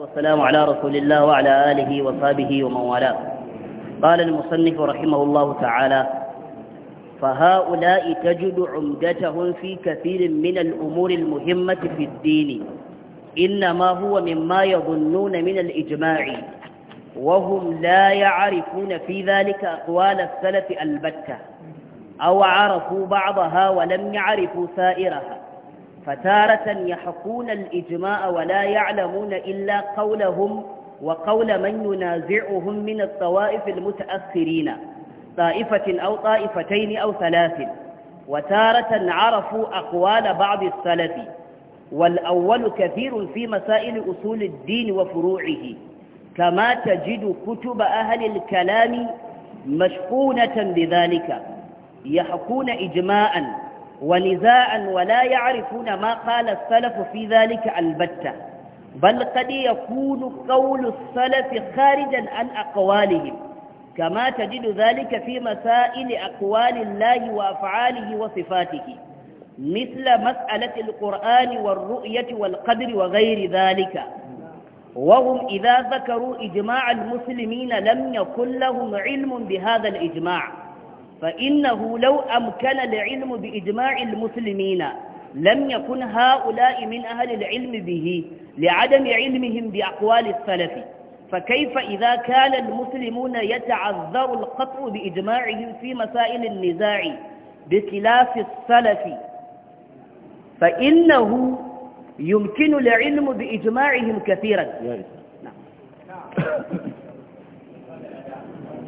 والسلام على رسول الله وعلى آله وصحبه ومن والاه قال المصنف رحمه الله تعالى فهؤلاء تجد عمدتهم في كثير من الأمور المهمة في الدين إنما هو مما يظنون من الإجماع وهم لا يعرفون في ذلك أقوال السلف البتة أو عرفوا بعضها ولم يعرفوا سائرها فتارة يحقون الإجماع ولا يعلمون إلا قولهم وقول من ينازعهم من الطوائف المتأخرين طائفة أو طائفتين أو ثلاث وتارة عرفوا أقوال بعض السلف والأول كثير في مسائل أصول الدين وفروعه كما تجد كتب أهل الكلام مشقونة بذلك يحقون إجماعا ولذاء ولا يعرفون ما قال السلف في ذلك البتة بل قد يكون قول السلف خارجا عن أقوالهم كما تجد ذلك في مسائل أقوال الله وأفعاله وصفاته مثل مسألة القرآن والرؤية والقدر وغير ذلك وهم إذا ذكروا إجماع المسلمين لم يكن لهم علم بهذا الإجماع فإنه لو أمكن العلم بإجماع المسلمين لم يكن هؤلاء من أهل العلم به لعدم علمهم بأقوال السلف فكيف إذا كان المسلمون يتعذر القطع بإجماعهم في مسائل النزاع بخلاف السلف فإنه يمكن العلم بإجماعهم كثيرا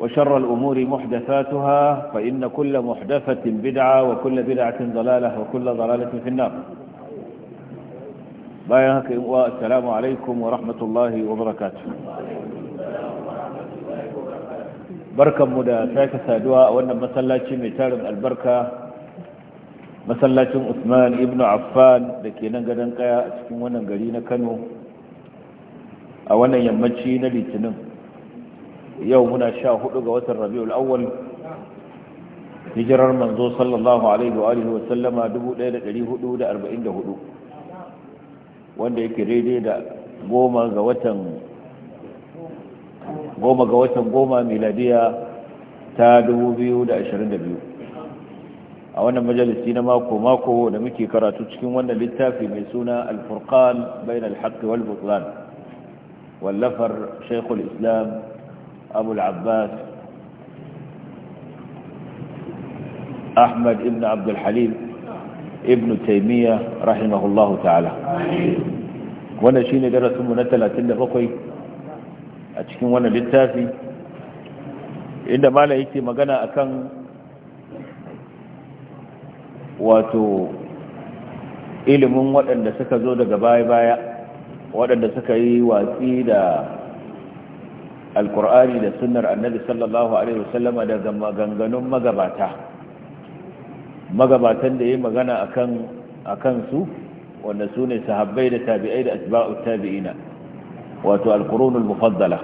وشر الأمور محدثاتها فإن كل محدثة بدعة وكل بدعة ضلالة وكل ضلالة في النار بايهك والسلام عليكم ورحمة الله وبركاته بركة مدى ساكة سادواء وأن مسلاتي ميتارم البركة مسلاتي عثمان ابن عفان لكي ننقى ننقى أتكون وننقلين كانوا أولا يمتشي نلي تنم yau muna sha hudu ga watan rabi'ul awwal hijirar manzo sallallahu alaihi wa alihi wa sallama 1444 wanda yake daidai da goma ga watan goma ga watan goma miladiya ta 2022 a wannan majalisi na mako mako da muke karatu cikin wannan littafi mai suna al-furqan bainal haqqi wal butlan wallafar shaykhul islam أبو العباس أحمد ابن عبد الحليم ابن تيمية رحمه الله تعالى وانا شين درس منتلة لفقي أتكين وانا للتافي عندما لا يتي مغانا أكن wato ilimin waɗanda suka zo daga baya-baya waɗanda suka yi watsi da alkur'ani da sunnar annabi sallallahu alaihi wasallama daga maganganun magabata magabatan da ya magana akan akan su wanda su ne sahabbai da tabi'ai da atba'u tabi'ina wato alqurunul mufaddala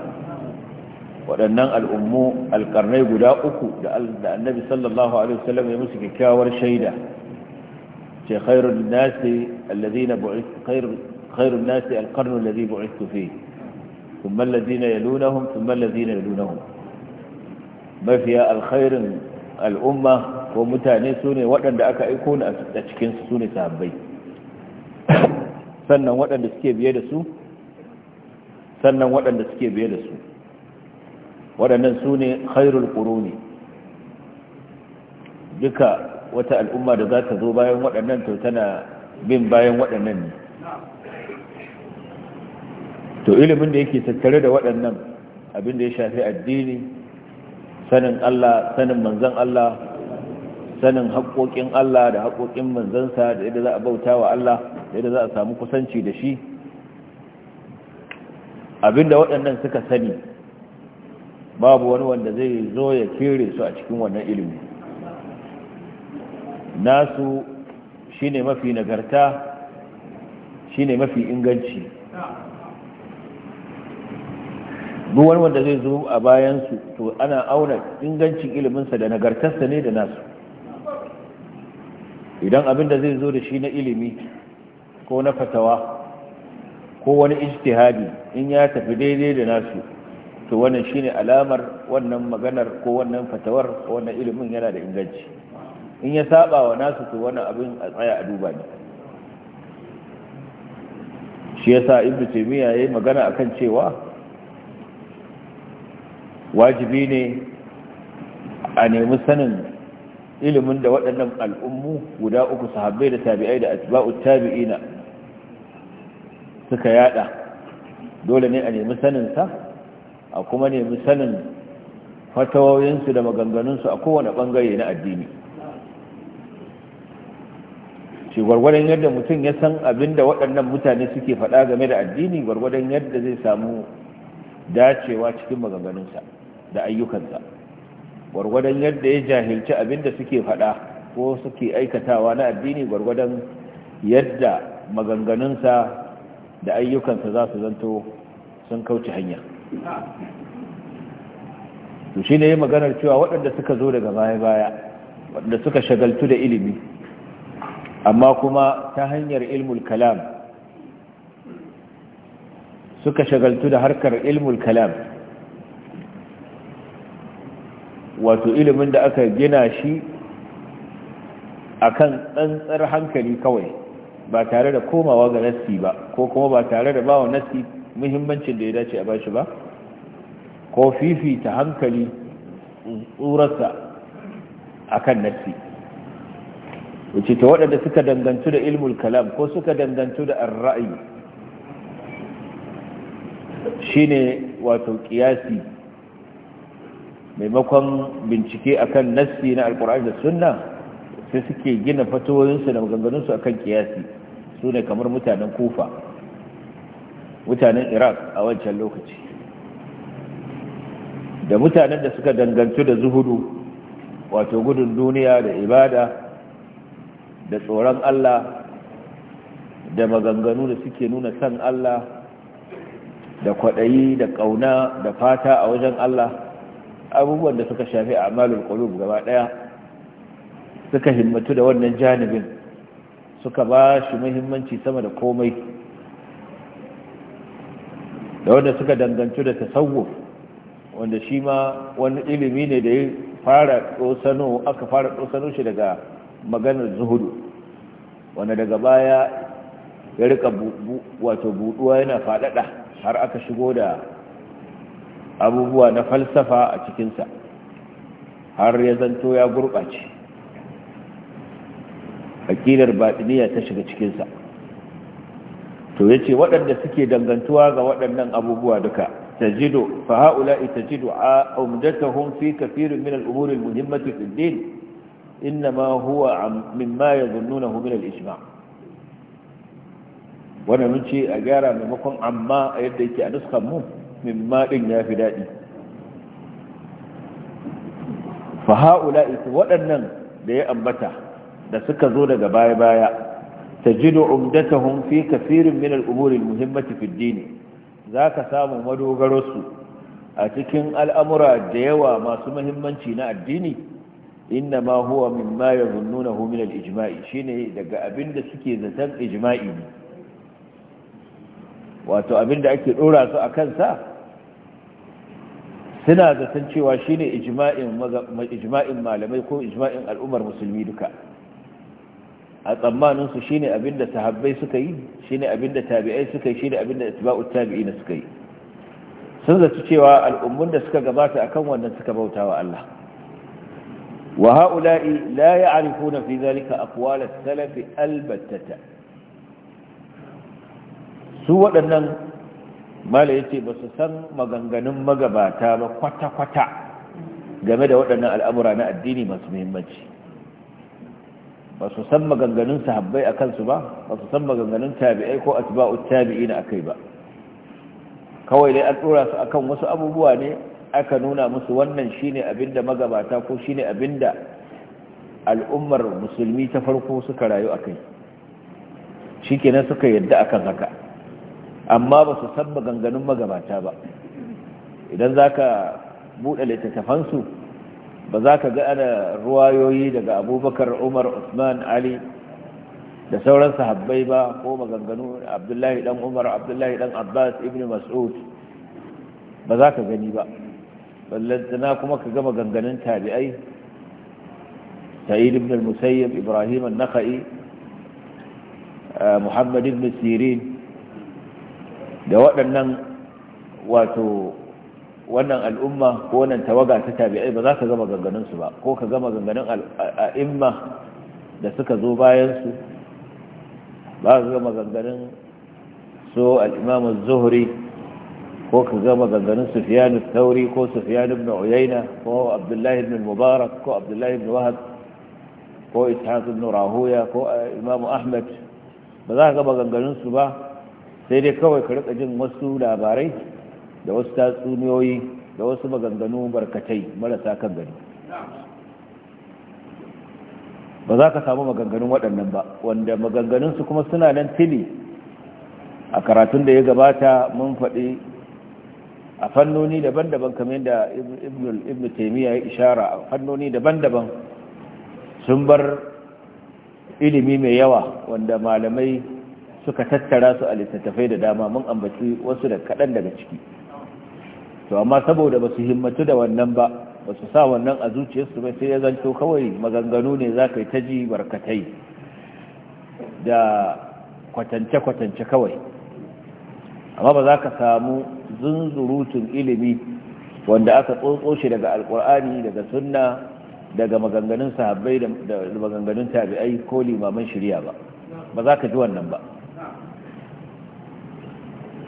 waɗannan al'ummu alƙarnai guda uku da annabi sallallahu alaihi wasallam ya musu kyakkyawar shaida ce khairun nasi alladhina bu'ith khairun nasi alqarnu alladhi bu'ithtu fihi ثم الذين يلونهم ثم الذين يلونهم mafiya alkhairin al'umma ko mutane su ne waɗanda aka aiko ni a cikinsu su ne sahabbai sannan waɗanda suke biye da su sannan waɗanda suke biye da su waɗannan su ne khairul ƙuruni duka wata al'umma da za ta zo bayan to tana bin bayan ne to ilimin da yake tattare da waɗannan abin da ya shafi addini sanin Allah sanin manzon Allah sanin haƙoƙin Allah da haƙoƙin manzansa da yadda za a bauta wa Allah da yadda za a samu kusanci da shi abin da waɗannan suka sani babu wani wanda zai zo ya kere su a cikin wannan ilimi nasu shine mafi nagarta shine mafi inganci duk wani wanda zai zo a bayansu to ana auna ingancin iliminsa da nagartarsa ne da nasu idan abin da zai zo da shi na ilimi ko na fatawa ko wani ijtihadi in ya tafi daidai da nasu to wannan shine alamar wannan maganar ko wannan fatawar ko wannan ilimin yana da inganci in ya saba wa nasu to wannan abin a tsaya a duba ne shi yasa ibnu taymiya yayi magana akan cewa wajibi ne a nemi sanin ilimin da waɗannan al'ummu guda uku sahabbai da tabi'ai da atba'ut tabi'ina suka yada dole ne a nemi saninsa a kuma nemi sanin fatawoyinsu da maganganunsu a kowane ɓangare na addini shi gwargwadon yadda mutum ya san abin da waɗannan mutane suke faɗa game da addini gwargwadon yadda zai samu dacewa cikin maganganunsa da ayyukansa gwargwadon yadda ya jahilci abinda suke fada ko suke aikatawa na addini gwargwadon yadda maganganunsa da ayyukansa za su zanto sun kauce hanya su shi ne maganar cewa waɗanda suka zo daga baya-baya waɗanda suka shagaltu da ilimi amma kuma ta hanyar ilmul kalam suka shagaltu da harkar ilmul kalam wato ilimin da aka gina shi akan tsantsar hankali kawai ba tare da komawa ga nassi ba ko kuma ba tare da bawa nassi muhimmancin da ya dace a bashi ba ko fifita hankali tsurarsa akan nassi wuce ta waɗanda suka dangantu da ilmul kalam ko suka dangantu da ra'ayi shine wato kiyasi maimakon bincike akan nassi na alkur'ani da sunna sai suke gina fatoyinsu da maganganunsu a kan kiyasi su ne kamar mutanen kufa mutanen iraq a wancan lokaci da mutanen da suka dangantu da zuhudu wato gudun duniya da ibada da tsoron allah da maganganu da suke nuna san allah da kwaɗayi da ƙauna da fata a wajen allah abubuwan da suka shafi a a'malul kulub gaba daya suka himmatu da wannan janibin suka ba shi muhimmanci sama da komai da wanda suka dangantu da tasawuf wanda shi ma wani ilimi ne da ya fara dosano aka fara dosano shi daga maganar zuhudu wanda daga baya ya rika wato buduwa yana faɗaɗa har aka shigo da abubuwa na falsafa a cikinsa har ya zanto ya gurɓace aƙidar batiniya ta shiga cikinsa to ya ce waɗanda suke dangantuwa ga waɗannan abubuwa duka ta jido fa ita jido a hun fi kafirin min al'umurin muhimmatu fiddin inna ma huwa a إنما ya مما يظنونه من الإجماع wannan a gyara maimakon amma a yadda yake a nuskan mu min maɗin ya fi daɗi fa ha'ula ita waɗannan da ya ambata da suka zo daga baya-baya ta jido umdatahun fi kafirin min al'umurin muhimmanci fiddini za ka samu madogararsu a cikin al'amura da yawa masu muhimmanci na addini inna ma huwa min ma ya zunnuna min al'ijima'i shi ne daga abin da suke zaton ijima'i ne wato abin da ake ɗora su a kansa suna zaton cewa shine ijima'in malamai ko ijima'in al'ummar musulmi duka a tsammaninsu shine abinda sahabbai suka yi shine abinda tabi'ai suka yi shine abinda itba'ut tabi'ina suka yi sun zaci cewa al'ummun da suka gabata akan wannan suka bautawa Allah wa ha'ula'i la ya'rifuna fi zalika aqwal as-salaf albattata su waɗannan mala yace ba su san maganganun magabata ba kwata-kwata game da waɗannan al'amura na addini masu muhimmanci ba su san maganganun sahabbai a kansu ba ba su san maganganun tabi'ai ko tabi'i tabi'in akai ba kawai dai an dora su akan wasu abubuwa ne aka nuna musu wannan shine abinda magabata ko shine abinda al'ummar musulmi ta farko suka rayu akai shikenan suka yadda akan haka amma ba su san maganganun magabata ba idan za ka buɗe littattafansu ba za ka ga ana ruwayoyi daga abubakar umar usman ali da sauran sahabbai ba ko maganganu abdullahi ɗan umar abdullahi dan abbas ibn mas'ud ba za ka gani ba ballantana kuma ka ga maganganun tabi'ai sa'id ibn musayyib ibrahim an-nakhai eh, muhammad ibn sirin da waɗannan wato wannan al'umma ko wannan tawaga ta tabi'ai ba za ka gama ganganinsu ba ko ka gama ganganin al'imma da suka zo bayansu ba ka gama ganganin so al'imamu zuhri ko ka gama ganganin sufiyanu tauri ko sufiyanu ibn uyaina ko abdullahi ibn mubarak ko abdullahi ibn wahab ko ishaq ibn rahuya ko imamu ahmad ba za ka gama ganganinsu ba sai dai kawai ka rika jin wasu labarai da wasu tatsuniyoyi da wasu maganganu barkatai marasa kan gani ba za ka samu maganganun waɗannan ba wanda maganganunsu kuma suna nan tili a karatun da ya gabata mun faɗi a fannoni daban-daban kamar da ibn taimiyya ya ishara a fannoni daban-daban sun bar ilimi mai yawa wanda malamai suka tattara su a littattafai da dama mun ambaci wasu da kaɗan daga ciki to amma saboda ba su himmatu da wannan ba ba su sa wannan a zuciyarsu ba sai ya zanto kawai maganganu ne za ka yi ta ji barkatai da kwatance-kwatance kawai amma ba za ka samu zunzurutun ilimi wanda aka tsotso shi daga alkur'ani daga sunna daga maganganun sahabbai da maganganun tabi'ai ko limaman shirya ba ba za ka ji wannan ba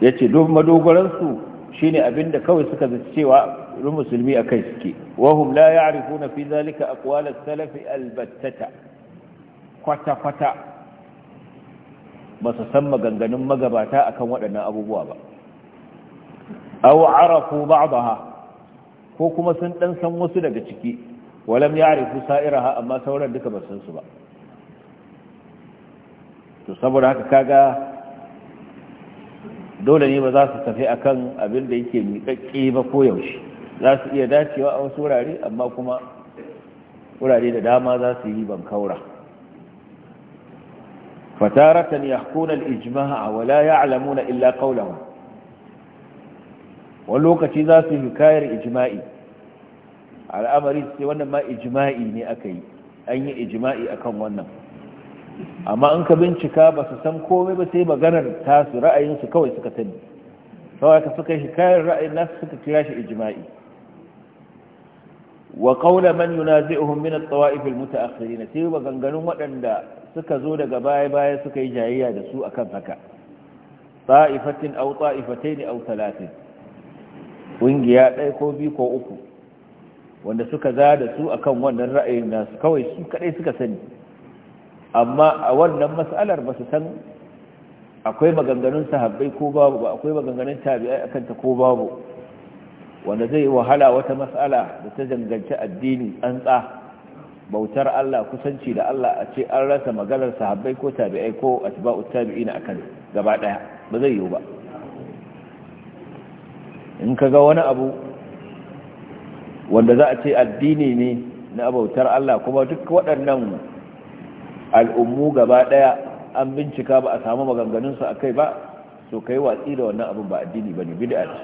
ya ce madogoransu shi ne abinda kawai suka zaci cewa rin musulmi a kai suke wahum la ya arifu na fi zalika akwalar salafi albattata kwata-kwata ba su san maganganun magabata akan waɗannan abubuwa ba aw arafu ba'daha ko kuma sun ɗan san wasu daga ciki walam ya ya'rifu sa'iraha amma sauran duka ba san su ba to saboda haka kaga dole ne ba za su tafi akan abin da yake miƙaƙƙe ba ko yaushe za su iya dacewa a wasu wurare amma kuma wurare da dama za su yi ban kaura fataratan yahkuna al a wala ya ya'lamuna illa qawlahu wani lokaci za su hikayar ijma'i al'amari sai wannan ma ijima'i ne aka yi an yi ijma'i akan wannan amma in ka bincika ba su san komai ba sai maganar tasu ra'ayinsu kawai suka sani kawai ka suka shi kayan ra'ayin nasu suka kira shi ijma'i wa qawla man yunazi'uhum min at-tawa'if al-mutaakhirin sai ganganun waɗanda suka zo daga baya baya suka yi jayayya da su akan haka ta'ifatin aw ta'ifatayn aw ƙungiya ɗaya ko biyu ko uku wanda suka za da su akan wannan ra'ayin nasu kawai su kaɗai suka sani amma a wannan mas'alar ba su san akwai maganganun sahabbai ko babu ba akwai maganganun tabi'ai akan ta ko babu wanda zai wahala wata mas'ala da ta danganci addini tsantsa bautar Allah kusanci da Allah a ce an rasa maganar sahabbai ko tabi'ai ko asba'u tabi'ina akan gaba daya ba zai yiwu ba in kaga wani abu wanda za a ce addini ne na bautar Allah kuma duk waɗannan al'ummu gaba daya an bincika ba a samu maganganunsu a kai ba so kai watsi da wannan abin ba addini ba ne bida ce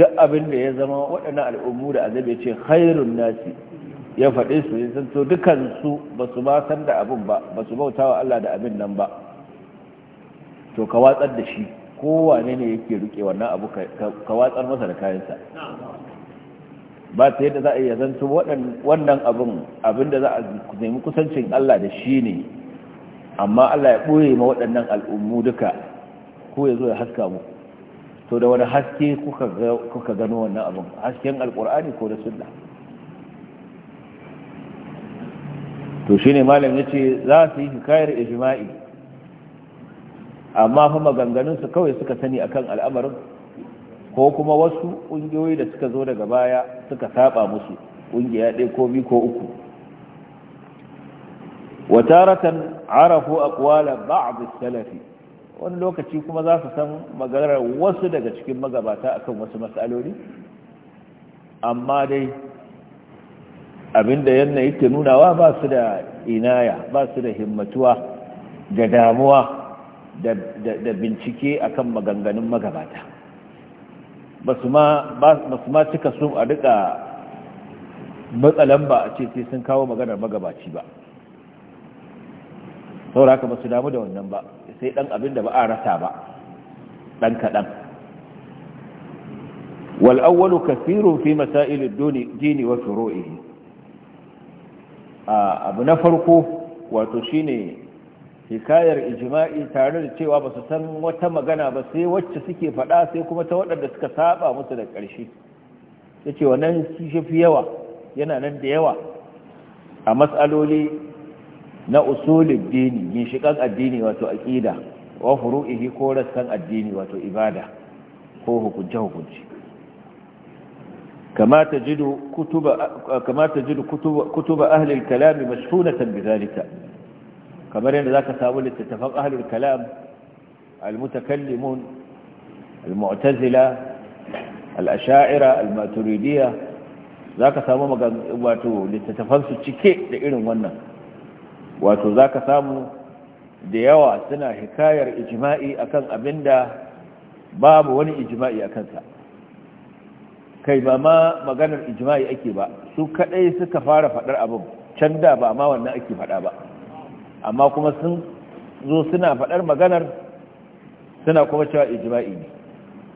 duk abin da ya zama waɗannan al'ummu da azabi ce khairun nasi ya faɗi su ya zanto dukansu ba su ba san da abin ba ba su bauta wa Allah da abin nan ba to ka watsar da shi kowane ne yake rike wannan abu ka watsar masa da kayansa ba ta yadda za a iya zanto wannan abin abin da za a nemi kusancin Allah da shi ne amma Allah ya ɓoye ma waɗannan al'ummu duka ko ya zo ya haska mu to da wani haske kuka gano wannan abin hasken al’ur'ani ko da sunna to shi ne malam ya ce za su yi hikayar ijima'i amma fa maganganunsu kawai suka sani akan al'amarin ko kuma wasu ƙungiyoyi da suka zo daga baya suka saba musu ƙungiya ɗaya ko biyu ko uku wataratan arafu aqwala ba'd as-salafi wani lokaci kuma za su san maganar wasu daga cikin magabata akan wasu matsaloli amma dai abinda yanna yake nunawa ba su da inaya ba su da himmatuwa da damuwa da bincike akan maganganun magabata ba su ma cika su a duka matsalan ba a ce sai sun kawo maganar magabaci ba Saura haka ba su damu da wannan ba sai dan abin da ba a rasa ba dan kaɗan wal'awwalu kasirun fi masailin dini wa furo'ihi abu na farko wato shine hikayar ijima'i tare da cewa ba su san wata magana ba sai wacce suke faɗa sai kuma ta waɗanda suka saba musu da ƙarshe ya ce wannan shi fi yawa yana nan da yawa a matsaloli na usulin dini ginshiƙan addini wato aƙida wa furu'ihi ko rassan addini wato ibada ko hukunce-hukunce kama ta jidu kutuba ahlil kalami mashhunatan bi kamar yadda ka samu littattafan ahlul kalam al-mutakallimun al-mu'tazila al-ash'ira al-maturidiyya ka samu wato littattafan su cike da irin wannan wato ka samu da yawa suna hikayar ijma'i akan abinda babu wani ijma'i akan kai ba ma maganar ijma'i ake ba su kadai suka fara fadar abin can da ba ma wannan ake fada ba amma kuma sun zo suna faɗar maganar suna kuma cewa ijma'i ne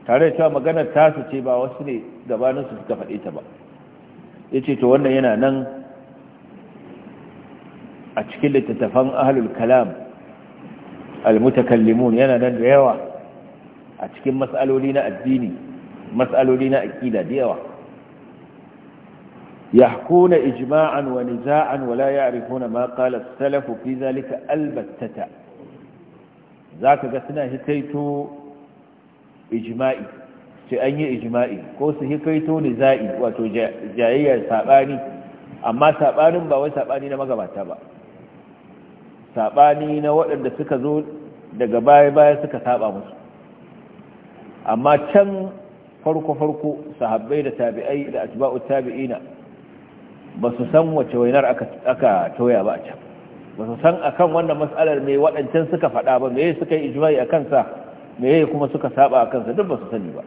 tare da cewa maganar tasu ce ba wasu ne gabaninsu suka faɗe ta ba ya ce to wannan yana nan a cikin littattafan ahalul kalam al-mutakallimun yana nan da yawa a cikin matsaloli na addini matsaloli na aƙida da yawa يحكون إجماعا ونزاعا ولا يعرفون ما قال السلف في ذلك البتة ذاك قسنا هكيتو إجمائي سأني إجمائي كوس هكيتو نزائي وتجاية ساباني أما سابان باوي ساباني نمغبا تبا ساباني نوأن دسك زول دقباي باي سك سابا مسو أما كان farko-farko sahabbai da tabi'ai da atba'u tabi'ina ba su san wace wainar aka toya ba a can ba su san a kan wannan matsalar mai waɗancan suka faɗa ba me suka yi ijimai a kansa me kuma suka saba a kansa duk ba su sani ba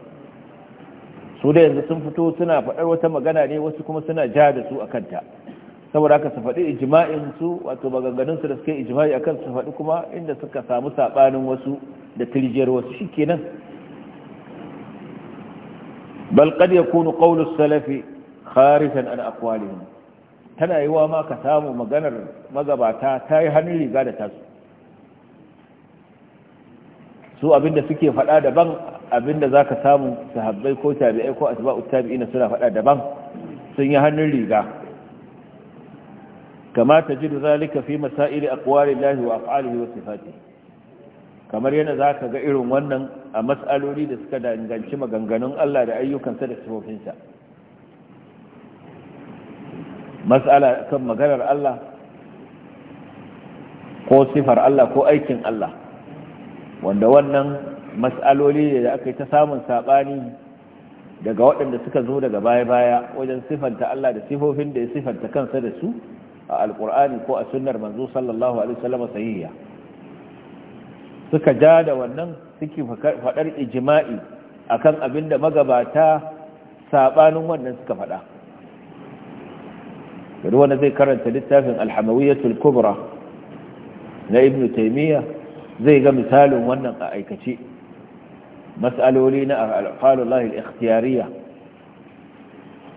su da yanzu sun fito suna faɗar wata magana ne wasu kuma suna ja da su a kanta saboda haka su faɗi ijima'in su wato maganganun su da suke ijimai akan su faɗi kuma inda suka samu saɓanin wasu da tirjiyar wasu shi kenan bal ya yakunu qawlu salafi kharijan an aqwalihim tana yi wa ma ka samu maganar magabata ta yi hannun riga da tasu su abinda suke faɗa daban abinda za ka samu sahabbai ko tabi'ai ko asba'u tabi'ina suna faɗa daban sun yi hannun riga kama ta jidu zalika fi masaili aqwali lahi wa af'alihi wa fati. kamar yana za ka ga irin wannan a mas'aloli da suka danganci maganganun Allah da ayyukansa da sifofinsa matsala kan maganar Allah ko sifar Allah ko aikin Allah wanda wannan mas'aloli da aka yi ta samun saɓani daga waɗanda suka zo daga baya-baya wajen sifanta Allah da sifofin da ya sifanta kansa da su a alƙur'ani ko a sunnar manzo sallallahu alaihi wasallam sahiya suka ja da wannan suke faɗar ijima'i akan abinda magabata saɓanin wannan suka faɗa Ruwa wanda zai karanta littafin alhamawiyatul kubra na ibnu Taimiyya zai ga misalin wannan a aikace mas'aloli na alqalullahi al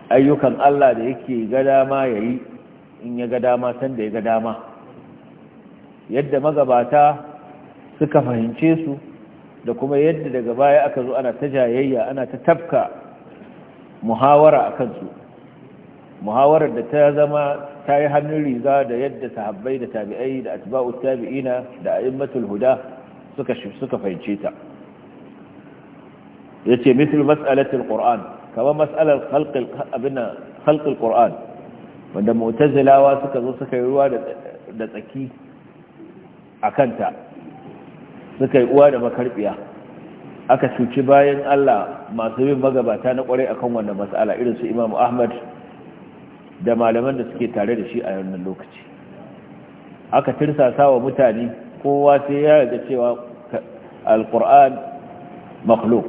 ayyukan Allah da yake ga dama yi in ya ga dama san da ya ga dama yadda magabata suka fahimce su da kuma yadda daga baya aka zo ana ta jayayya ana ta tafka muhawara akan su muhawarar da ta zama ta yi hannun riga da yadda sahabbai da tabi'ai da atba'u tabi'ina da a'immatul huda suka suka fahimce ta yace mithl mas'alatul qur'an kama mas'alar khalqil abina khalqil qur'an wanda mu'tazilawa suka zo suka yi ruwa da da tsaki akan ta suka yi uwa da makarbiya aka cuci bayan Allah masu bin magabata na kware akan wannan mas'ala irin su Imam Ahmad da malaman da suke tare da shi a wannan lokaci aka tirsasa wa mutane kowa sai ya yarda cewa alkur'an makhluk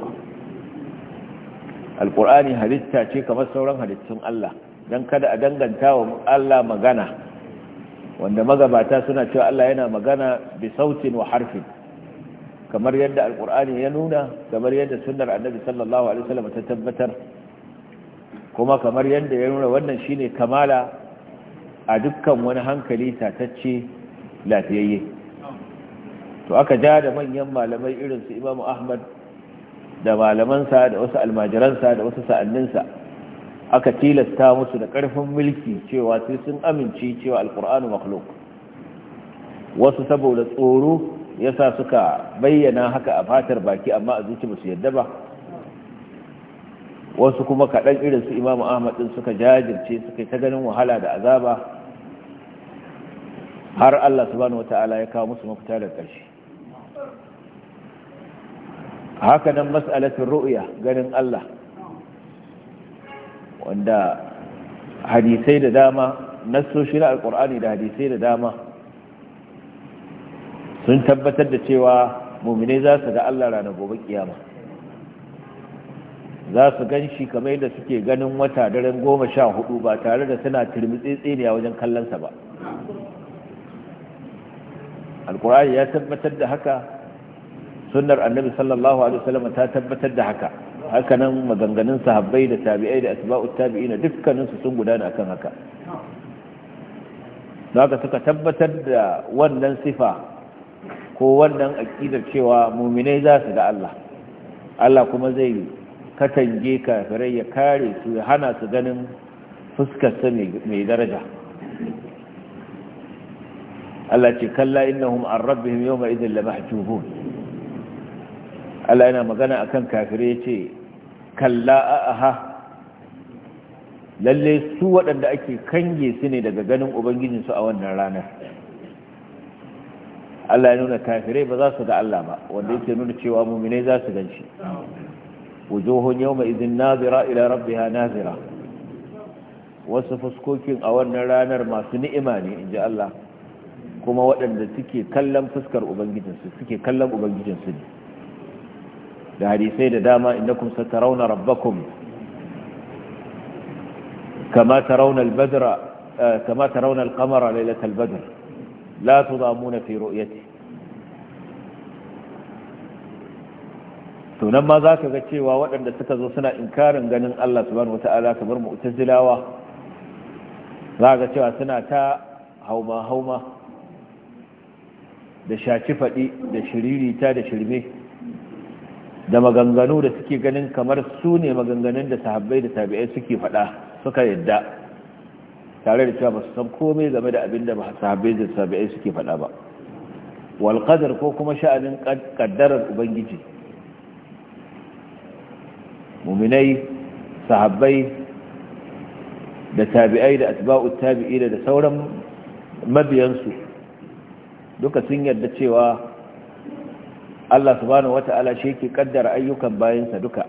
alkur'ani halitta ce kamar sauran halittun Allah don kada a danganta wa Allah magana wanda magabata suna cewa Allah yana magana bi sautin wa harfin kamar yadda alkur'ani ya nuna kamar yadda sunnar annabi sallallahu alaihi wasallam ta tabbatar kuma kamar yadda ya nuna wannan shine kamala a dukkan wani hankali tatacce lafiyayye to aka ja da manyan malamai irin su Imam Ahmad da malamansa da wasu almajiransa da wasu sa'anninsa aka tilasta musu da ƙarfin mulki cewa sai sun amince cewa alkur'anu makhluk wasu saboda tsoro yasa suka bayyana haka a fatar baki amma a zuci musu yadda ba wasu kuma kaɗan irin su imamu ahmad ɗin suka jajirce suka yi ta ganin wahala da azaba har allah subhanahu wata'ala ya kawo musu mafita da ƙarshe haka nan mas'alatin ru'ya ganin allah wanda hadisai da dama nassoshi na alƙur'ani da hadisai da dama sun tabbatar da cewa mummine za su ga allah ranar gobe kiyama za su gan shi kamar yadda suke ganin wata daren goma sha hudu ba tare da suna turmitsitsi ne a wajen kallonsa ba alkur'ani ya tabbatar da haka sunar annabi sallallahu alaihi wasallam ta tabbatar da haka hakanan maganganun sahabbai da tabi'ai da asba'u tabi'ina dukkaninsu sun gudana akan haka haka suka tabbatar da wannan sifa ko wannan aqidar cewa mu'minai za su ga Allah Allah kuma zai katange kafirai ya kare su ya hana su ganin fuskarsa mai daraja Allah ce kalla innahum an rabbihim yawma idhin la mahjubun Allah yana magana akan kafirai ce kalla aha lalle su waɗanda ake kange su ne daga ganin su a wannan ranar Allah ya nuna kafirai ba za su ga Allah ba wanda yake nuna cewa muminai za su ganshi wujuhun yawma idhin nazira ila rabbiha nazira wasu fuskokin a wannan ranar masu ni'ima ne inji Allah kuma waɗanda suke kallon fuskar ubangijinsu suke kallon ubangijinsu ne da hadisai da dama innakum satarawna rabbakum kama tarawna al-badra eh, kama tarawna al-qamara laylatal badr la tudamuna fi ru'yatihi sunan ma za ka ga cewa waɗanda suka zo suna inkarin ganin Allah subhanahu wata'ala kamar mu'tazilawa za ga cewa suna ta hauma hauma da shaci faɗi da shiririta da shirme da maganganu da suke ganin kamar su ne maganganun da sahabbai da tabi'ai suke faɗa suka yadda tare da cewa ba su san komai game da abin da sahabbai da tabi'ai suke faɗa ba walƙadar ko kuma sha'anin kaddarar ubangiji muminai sahabbai da tabi'ai da atba'ut tabi'ina da sauran mabiyansu duka sun yarda cewa Allah subhanahu wata'ala shi yake kaddara ayyukan bayansa duka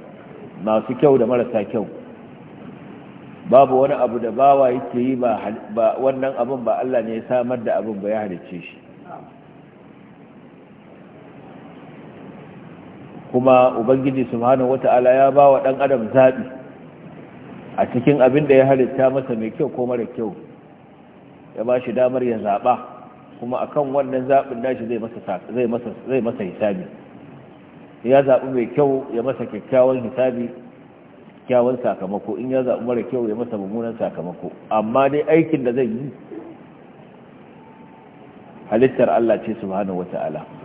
masu kyau da marasa kyau babu wani abu da bawa yake yi ba wannan abin ba Allah ne ya samar da abin ba ya halicce shi kuma ubangiji subhanahu wata'ala ya ba wa ɗan adam zabi a cikin abin da ya halitta masa mai kyau ko mara kyau ya ba shi damar ya zaɓa kuma akan wannan zaɓin nashi zai masa hisabi ya zaɓi mai kyau ya masa kyakkyawan hisabi kyawun sakamako in ya zaɓi mara kyau ya masa mummunan sakamako amma dai aikin da zai yi halittar Allah ce subhanahu wata'ala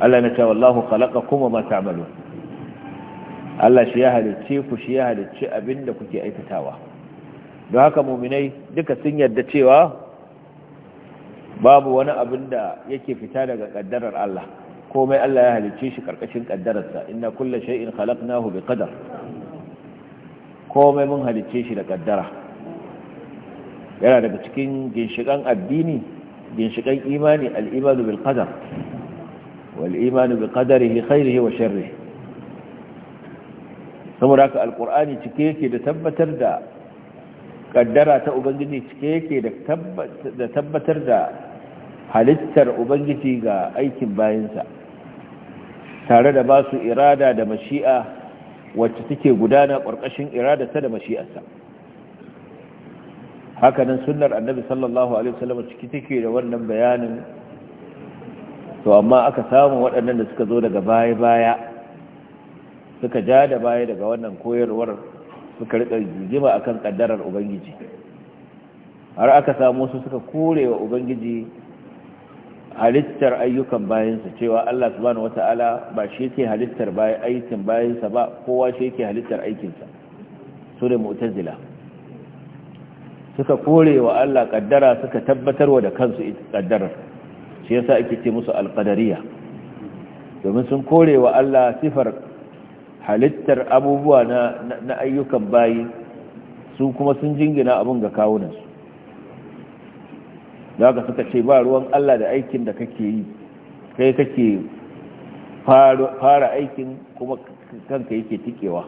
Allah na ce wallahu khalaqakum kuma ma ta'malun Allah shi ya halicce ku shi ya halicce abinda kuke aikatawa don haka muminai duka sun yarda cewa babu wani abin da yake fita daga kaddarar Allah komai Allah ya halicce shi karkashin kaddararsa inna kullu shay'in khalaqnahu biqadar komai mun halicce shi da kaddara yana daga cikin ginshikan addini ginshikan imani al-imanu bil qadar والإيمان بقدره خيره وشره saboda haka alkur'ani cike yake da tabbatar da kaddara ta ubangiji cike yake da tabbatar da halittar ubangiji ga aikin bayansa tare da ba su irada da mashi'a wacce take gudana ƙarƙashin iradarsa da mashi'arsa hakanan sunnar annabi sallallahu alaihi wasallam ciki take da wannan bayanin to amma aka samu waɗannan da suka zo daga baya-baya suka ja da baya daga wannan koyarwar suka rika jijima akan kaddarar ubangiji har aka samu su suka korewa ubangiji halittar ayyukan bayansa cewa Allah subhanahu wata'ala ba shi yake halittar bayan aikin bayansa ba kowa shi yake halittar aikinsa su da mu'tazila suka korewa Allah kaddara suka tabbatarwa da kansu kaddarar shi yasa ake ce musu alqadariya domin sun kore wa Allah sifar halittar abubuwa na na ayyukan bayi su kuma sun jingina abun ga kawunansu da haka suka ce ba ruwan Allah da aikin da kake yi kai kake fara aikin kuma kanka yake tikewa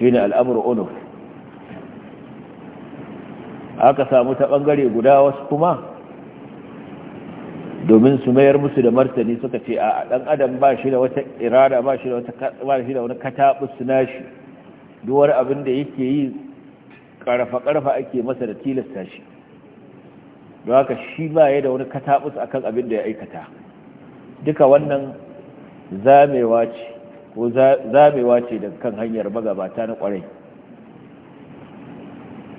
shine al'amur Onuf aka samu ta bangare guda wasu kuma domin su mayar musu da martani suka ce a ɗan adam ba shi da wata irada ba shi da wata ba shi da wani su nashi duwar abin da yake yi karfa karfa ake masa da tilasta shi don haka shi ba ya da wani su akan abin da ya aikata duka wannan zamewa ce ko zamewa ce daga kan hanyar magabata na kwarai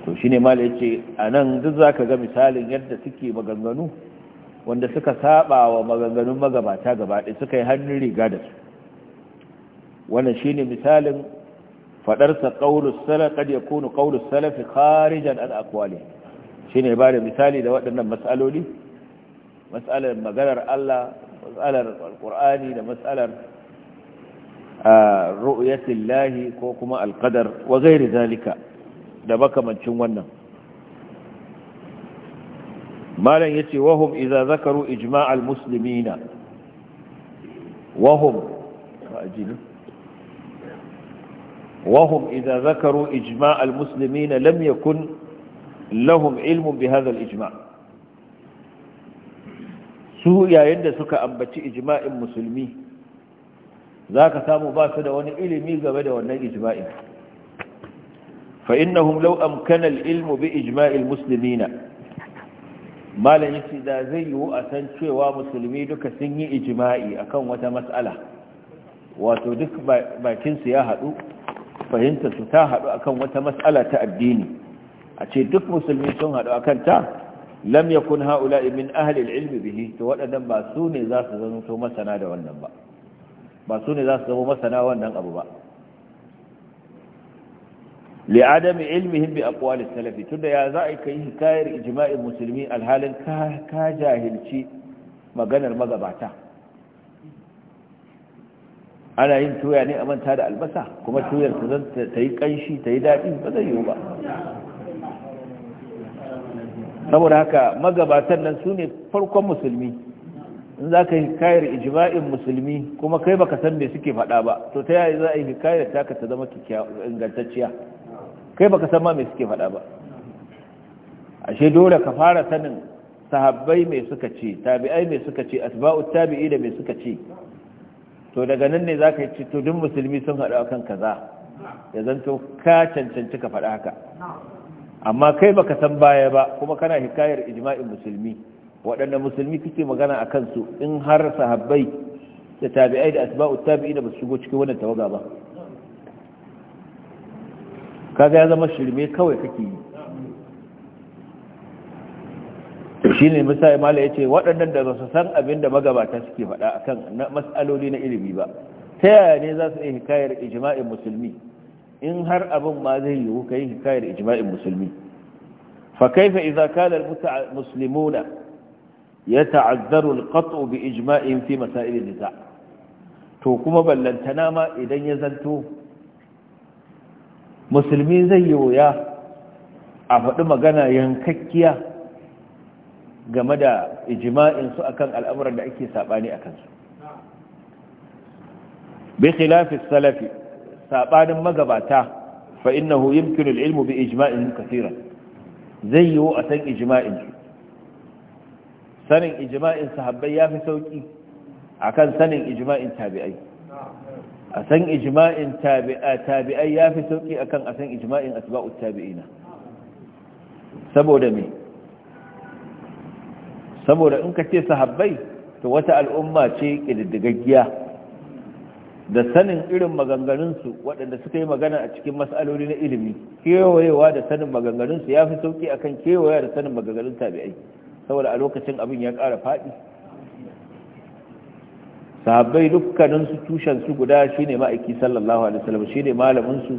to shine ce a nan duk zaka ga misalin yadda suke maganganu wanda suka saba wa maganganun magabata gabaɗe suka yi hannun riga da su wannan ne misalin faɗarsa qaulus salaf ya yakunu ƙaunus Salafi kharijan an Shi ne ba da misali da waɗannan matsaloli? Matsalar maganar Allah matsalar alqur'ani da mas'alar ru'yatillahi ko kuma alƙadar wa zai rizalika da makamancin wannan malam yace wahum idza zakaru ijma'al muslimina wahum ajili وهم إذا ذكروا إجماع المسلمين لم يكن lahum ilmun bi hadha al-ijma' su yayin da suka ambaci ijma'in musulmi zaka samu ba su da wani ilimi game da wannan ijma'in fa innahum law amkana al-ilmu bi ijma'il muslimina malam yace da zai yiwu a san cewa musulmi duka sun yi ijma'i akan wata mas'ala wato duk bakin ya hadu fahimta su ta hadu akan wata mas'ala ta addini a ce duk musulmi sun haɗu akan ta lam yakun ha'ula'i min ahli al-ilm bihi to wadannan ba su ne za su zama masana da wannan ba ba su ne za su zama masana wannan abu ba li adami ilmihim bi aqwali salafi tunda ya za a kai hikayar ijma'in musulmi alhalin ka ka jahilci maganar magabata ana yin tuya ne a manta da albasa kuma tuyar ta yi kanshi ta yi daɗi ba zai yiwu ba saboda haka magabatan nan su ne farkon musulmi in za ka yi hikayar ijma'in musulmi kuma kai baka san me suke faɗa ba to ta yaya za a yi hikayar taka ta zama ingantacciya kai baka san ma me suke faɗa ba ashe dole ka fara sanin sahabbai me suka ce tabi'ai me suka ce asba'u tabi'i da me suka ce to daga nan ne zaka ce to duk musulmi sun haɗu akan kaza ya zanto ka cancanci ka faɗa haka amma kai baka san baya ba kuma kana hikayar ijma'in musulmi waɗanda musulmi kike magana a kansu in har sahabbai da tabi'ai da asba'u tabi'i da ba su shigo cikin wannan tawaga ba kaga ya zama shirme kawai kake yi shi ne misali mala ya ce waɗannan da su san abin da magabata suke faɗa a kan matsaloli na ilimi ba ta yaya ne za su yi hikayar ijima'in musulmi in har abin ma zai yiwu ka yi hikayar ijima'in musulmi fa kaifa idza kana muslimuna yata'azzaru al-qat'u bi ijma'in fi masail al to kuma ballantana ma idan ya zanto musulmi zai yi wuya a faɗi magana yankakkiya game da ijima'insu a kan al'amuran da ake saɓani a kansu bi khilafis salafi saɓanin magabata fa innahu yumkinu al-ilmu bi ijma'in kaseeran zai yi a san ijma'in sanin ijma'in sahabbai yafi sauki akan sanin ijma'in tabi'ai a san ijma'in tabi'ai ya fi sauki kan a san ijma'in asba'ut tabi'ina saboda me saboda in ka ce sahabbai to wata al'umma ce ƙididdigaggiya da sanin irin maganganunsu waɗanda suka yi magana a cikin matsaloli na ilimi kewayewa da sanin maganganunsu ya fi sauki kan kewayewa da sanin maganganun tabi'ai saboda a lokacin abin ya ƙara faɗi sahabbai dukkanin su tushen su guda shine ma'aiki sallallahu alaihi wasallam shine malamin su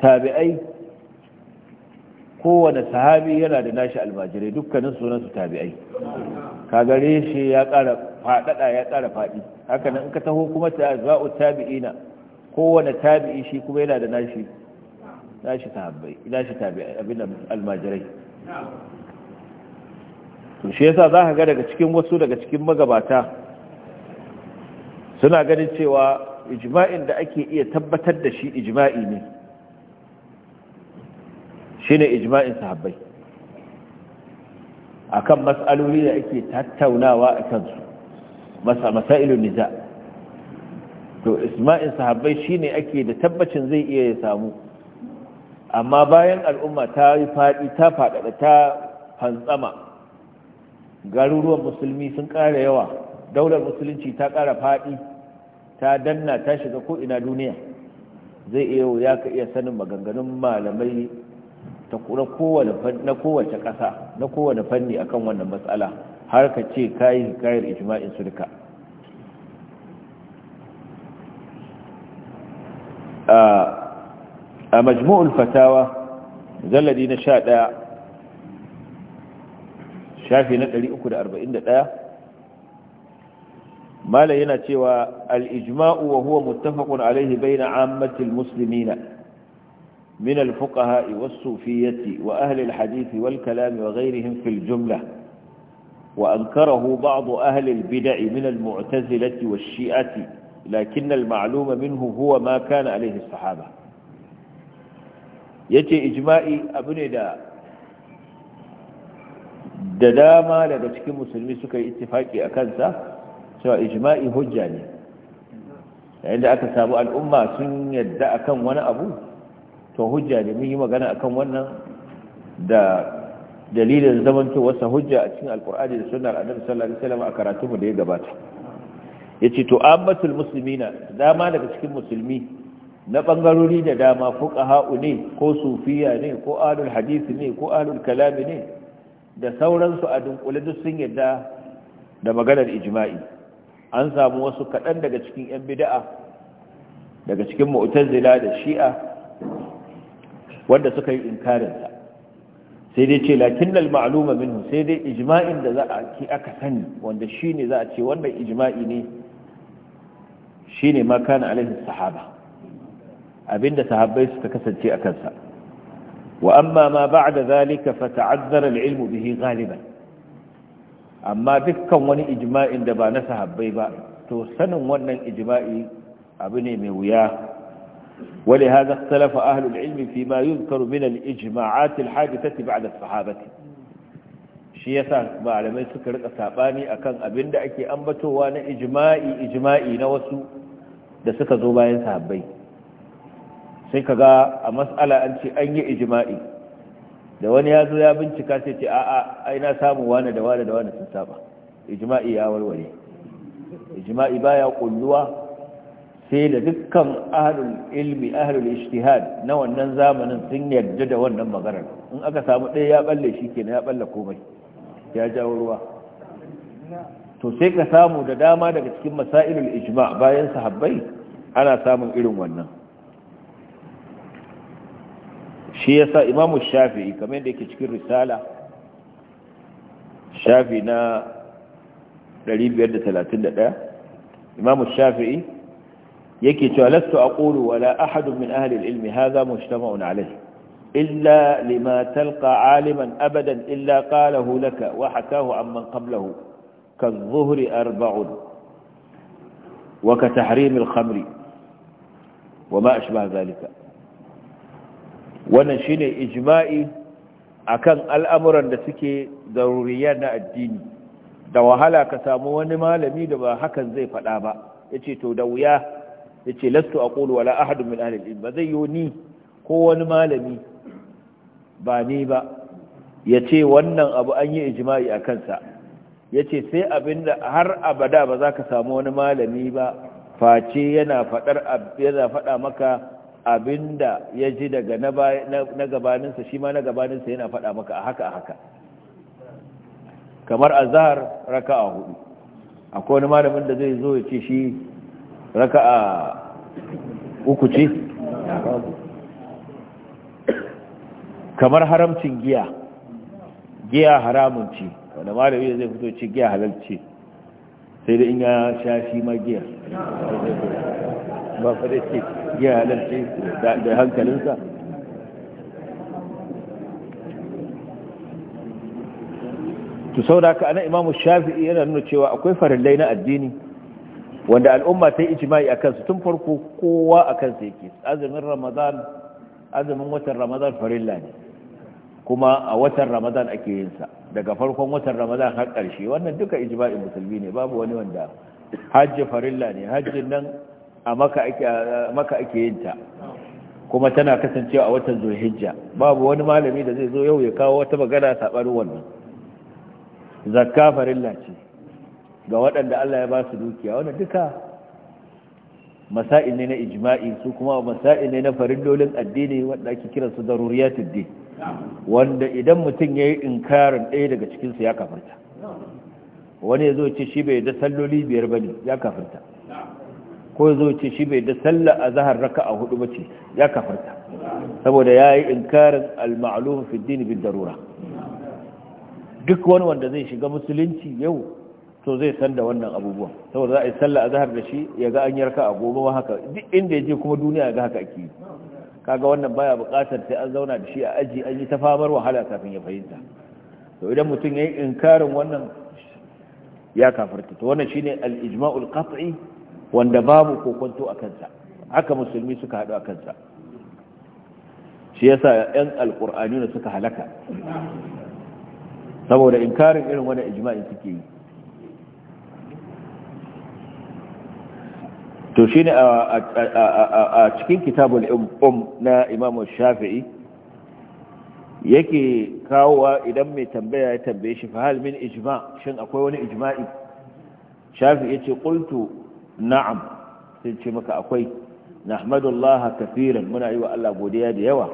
tabi'ai kowane sahabi yana da nashi almajirai dukkanin sunan su tabi'ai kagare shi ya kara fadada ya kara fadi haka nan in ka taho kuma ta za'u tabi'ina kowane tabi'i shi kuma yana da nashi nashi sahabbai nashi tabi'ai abin almajirai to shi yasa za ka ga daga cikin wasu daga cikin magabata suna ganin cewa ijma'in da ake iya tabbatar da shi ijma'i ne shi ne ijma'in sahabbai a kan matsaloli da ake tattaunawa a kansu masailun nija to isma'in sahabbai shi ne ake da tabbacin zai iya ya samu amma bayan al'umma ta yi faɗi ta faɗaɗa ta fantsama garuruwan musulmi sun ƙara yawa daular musulunci ta ƙara faɗi ta danna ta shiga ko'ina duniya zai iya ya ka iya sanin maganganun malamai ta na kowace ƙasa na kowane fanni akan wannan matsala har ka ce kayi kayar ijma'in sulka a majmu'ul fatawa zalladi na sha ɗaya شافي نقلي 341 mala yana ما لينا ijmau الإجماء وهو متفق عليه بين عامة المسلمين من الفقهاء والصوفية وأهل الحديث والكلام وغيرهم في الجملة وأنكره بعض أهل البدع من المعتزلة والشيئة لكن المعلوم منه هو ما كان عليه الصحابة يتي إجماء أبن ne da dama daga cikin musulmi suka yi ittifaki a kansa cewa ijma'i hujja ne yayin da aka samu al'umma sun yadda akan wani abu to hujja ne mun yi magana akan wannan da dalilin zamanto wasa hujja a cikin alkur'ani da sunnar annabi sallallahu alaihi wasallam a karatunmu da ya gabata yace to Musulmi na, dama daga cikin musulmi na bangarori da dama fuqaha ne ko sufiya ne ko ahlul hadisi ne ko ahlul kalami ne da sauransu a dunkule duk sun yadda da maganar ijma'i an samu wasu kaɗan daga cikin 'yan bida'a daga cikin mu'tazila da shi'a wanda suka yi inkarinsa sai dai ce lakin dal ma'aluma minhu sai dai ijima'in da za a ki aka sani wanda shi ne za a ce wannan ijma'i ne shi ne ma alaihi sahaba abinda sahabbai suka kasance a kansa wa amma ma واما ما بعد ذلك فتعذر العلم به غالبا amma dukkan wani ijma'in da ba na sahabbai ba to sanin wannan ijma'i abu ne mai wuya wale hada salafa ahlul ilmi fi ma yuzkaru min al ijma'at al hadithati ba'd al sahabati shi yasa malamai suka rika saɓani akan abinda ake ambatowa na ijma'i ijima'i na wasu da suka zo bayan sahabbai sai ka ga a matsala an ce an yi ijima'i da wani ya zo ya bincika sai ce a'a ai na samu wane da wane da wane sun saba ijima'i ya warware ijima'i baya kulluwa sai da dukkan ahlul ilmi ahlul ijtihad na wannan zamanin sun yarda da wannan maganar in aka samu ɗaya ya balle shi kenan ya balle komai ya jawo ruwa to sai ka samu da dama daga cikin masailul ijma' bayan sahabbai ana samun irin wannan shi yasa imamu shafi'i kamar da yake cikin risala shafi na 531 imamu shafi'i yake cewa lastu aqulu wala ahadun min ahli al-ilmi hadha mujtama'un alayhi illa lima talqa aliman abadan illa qalahu laka wa hakahu amman qablahu kadh-dhuhri arba'un wa ka tahrim al-khamri wa ma ashbaha zalika wannan shine ijma'i akan al'amuran da suke zaruriyar na addini da wahala ka samu wani malami da ba hakan zai faɗa ba yace to da wuya yace lastu aqulu wala ahad min ahli al-ilm ba zai yoni ko wani malami ba ni ba yace wannan abu an yi ijma'i akan sa yace sai abinda har abada ba za ka samu wani malami ba face yana faɗar yana faɗa maka abinda ya ji daga na gabaninsa shi ma na gabaninsa yana faɗa maka a haka a haka kamar a raka a hudu akwai wani malamin da zai zo ya ce shi raka a uku ce kamar haramcin giya giya haramun ce wanda malami zai fito ce giya halarci. sai da in ya sha shi ma giya ba fadace ce ya halarci da hankalinsa to saboda haka ana imamu shafi'i yana nuna cewa akwai farillai na addini wanda al'umma ta yi ijma'i a kansu tun farko kowa a su yake azumin ramadan azumin watan ramadan farilla ne kuma a watan ramadan ake yin sa daga farkon watan ramadan har ƙarshe wannan duka ijma'in musulmi ne babu wani wanda hajji farilla ne hajjin nan a maka ake yin ta kuma tana kasancewa a watan zuhijja babu wani malami da zai zo yau ya kawo wata magana saɓanin wannan zakka farilla ce ga waɗanda Allah ya ba su dukiya wannan duka masa'il ne na ijma'i su kuma masa'il ne na farillolin addini wanda ake kiran su daruriyatul din wanda idan mutum yayi inkarin ɗaya daga cikin su ya kafirta wani yazo ce shi bai da salloli biyar bane ya kafirta ko zo ce shi bai da sallar raka a hudu bace ya kafarta saboda yayi inkarin al-ma'lum fi din bil darura duk wani wanda zai shiga musulunci yau to zai san da wannan abubuwan saboda za a yi sallar azhar da shi ya ga an yi a goma haka duk inda ya je kuma duniya ya ga haka ake yi kaga wannan baya bukatar sai an zauna da shi a aji an yi ta famar wahala kafin ya fahimta to idan mutum yayi inkarin wannan ya kafarta to wannan shine al-ijma'ul qat'i wanda babu kokonto a kansa haka musulmi suka haɗu a kansa shi yasa 'yan na suka halaka saboda inkarin irin wani ijma'in suke yi to shi ne a cikin kitabul um, um na imamu shafi'i yake kawowa idan mai tambaya ya tambaye shi fa hal min ijma' shin akwai wani ijma'i shafi'i yace ce qultu na'am sai ce maka akwai nahmadullah kafiran muna yi wa Allah godiya da yawa